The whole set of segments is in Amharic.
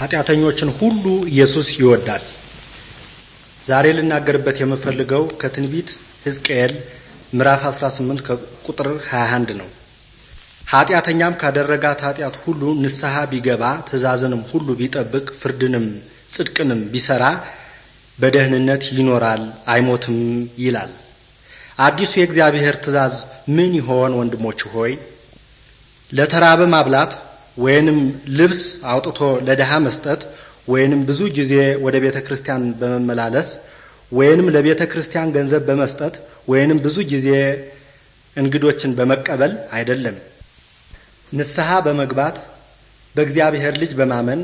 ኃጢአተኞችን ሁሉ ኢየሱስ ይወዳል። ዛሬ ልናገርበት የምፈልገው ከትንቢት ሕዝቅኤል ምዕራፍ 18 ከቁጥር 21 ነው። ኃጢአተኛም ካደረጋት ኃጢአት ሁሉ ንስሐ ቢገባ ትእዛዝንም ሁሉ ቢጠብቅ ፍርድንም ጽድቅንም ቢሰራ በደህንነት ይኖራል አይሞትም ይላል። አዲሱ የእግዚአብሔር ትእዛዝ ምን ይሆን? ወንድሞች ሆይ ለተራበ ማብላት ወይንም ልብስ አውጥቶ ለድሃ መስጠት ወይንም ብዙ ጊዜ ወደ ቤተ ክርስቲያን በመመላለስ ወይንም ለቤተ ክርስቲያን ገንዘብ በመስጠት ወይንም ብዙ ጊዜ እንግዶችን በመቀበል አይደለም። ንስሐ በመግባት በእግዚአብሔር ልጅ በማመን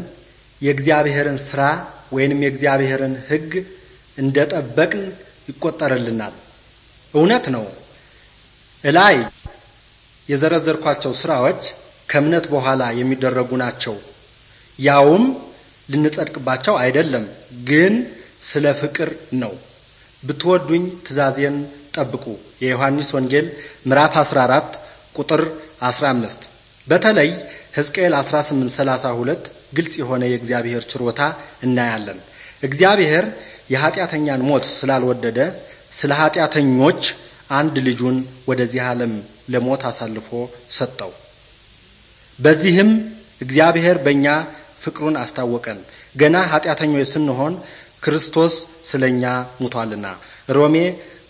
የእግዚአብሔርን ስራ ወይንም የእግዚአብሔርን ሕግ እንደ ጠበቅን ይቆጠርልናል። እውነት ነው። እላይ የዘረዘርኳቸው ስራዎች ከእምነት በኋላ የሚደረጉ ናቸው። ያውም ልንጸድቅባቸው አይደለም፣ ግን ስለ ፍቅር ነው። ብትወዱኝ ትእዛዜን ጠብቁ። የዮሐንስ ወንጌል ምዕራፍ 14 ቁጥር 15። በተለይ ሕዝቅኤል 18:32 ግልጽ የሆነ የእግዚአብሔር ችሮታ እናያለን። እግዚአብሔር የኃጢአተኛን ሞት ስላልወደደ ስለ ኃጢአተኞች አንድ ልጁን ወደዚህ ዓለም ለሞት አሳልፎ ሰጠው። በዚህም እግዚአብሔር በእኛ ፍቅሩን አስታወቀን ገና ኃጢአተኞች ስንሆን ክርስቶስ ስለ እኛ ሙቷልና ሮሜ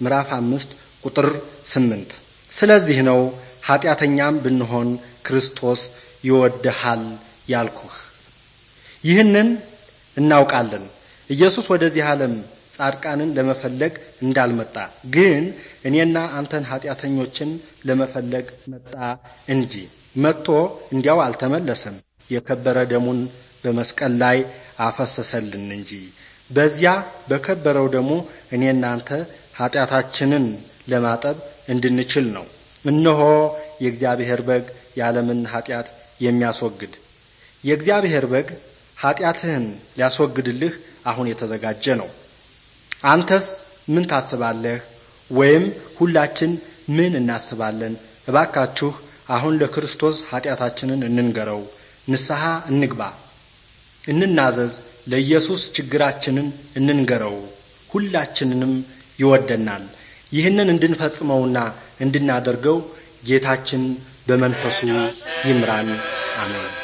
ምዕራፍ አምስት ቁጥር ስምንት ስለዚህ ነው ኃጢአተኛም ብንሆን ክርስቶስ ይወድሃል ያልኩህ ይህንን እናውቃለን ኢየሱስ ወደዚህ ዓለም ጻድቃንን ለመፈለግ እንዳልመጣ ግን እኔና አንተን ኃጢአተኞችን ለመፈለግ መጣ እንጂ መጥቶ እንዲያው አልተመለሰም፣ የከበረ ደሙን በመስቀል ላይ አፈሰሰልን እንጂ። በዚያ በከበረው ደሙ እኔና አንተ ኃጢአታችንን ለማጠብ እንድንችል ነው። እነሆ የእግዚአብሔር በግ የዓለምን ኃጢአት የሚያስወግድ የእግዚአብሔር በግ ኃጢአትህን ሊያስወግድልህ አሁን የተዘጋጀ ነው። አንተስ ምን ታስባለህ? ወይም ሁላችን ምን እናስባለን? እባካችሁ አሁን ለክርስቶስ ኃጢአታችንን እንንገረው፣ ንስሐ እንግባ፣ እንናዘዝ፣ ለኢየሱስ ችግራችንን እንንገረው። ሁላችንንም ይወደናል። ይህንን እንድንፈጽመውና እንድናደርገው ጌታችን በመንፈሱ ይምራን። አሜን።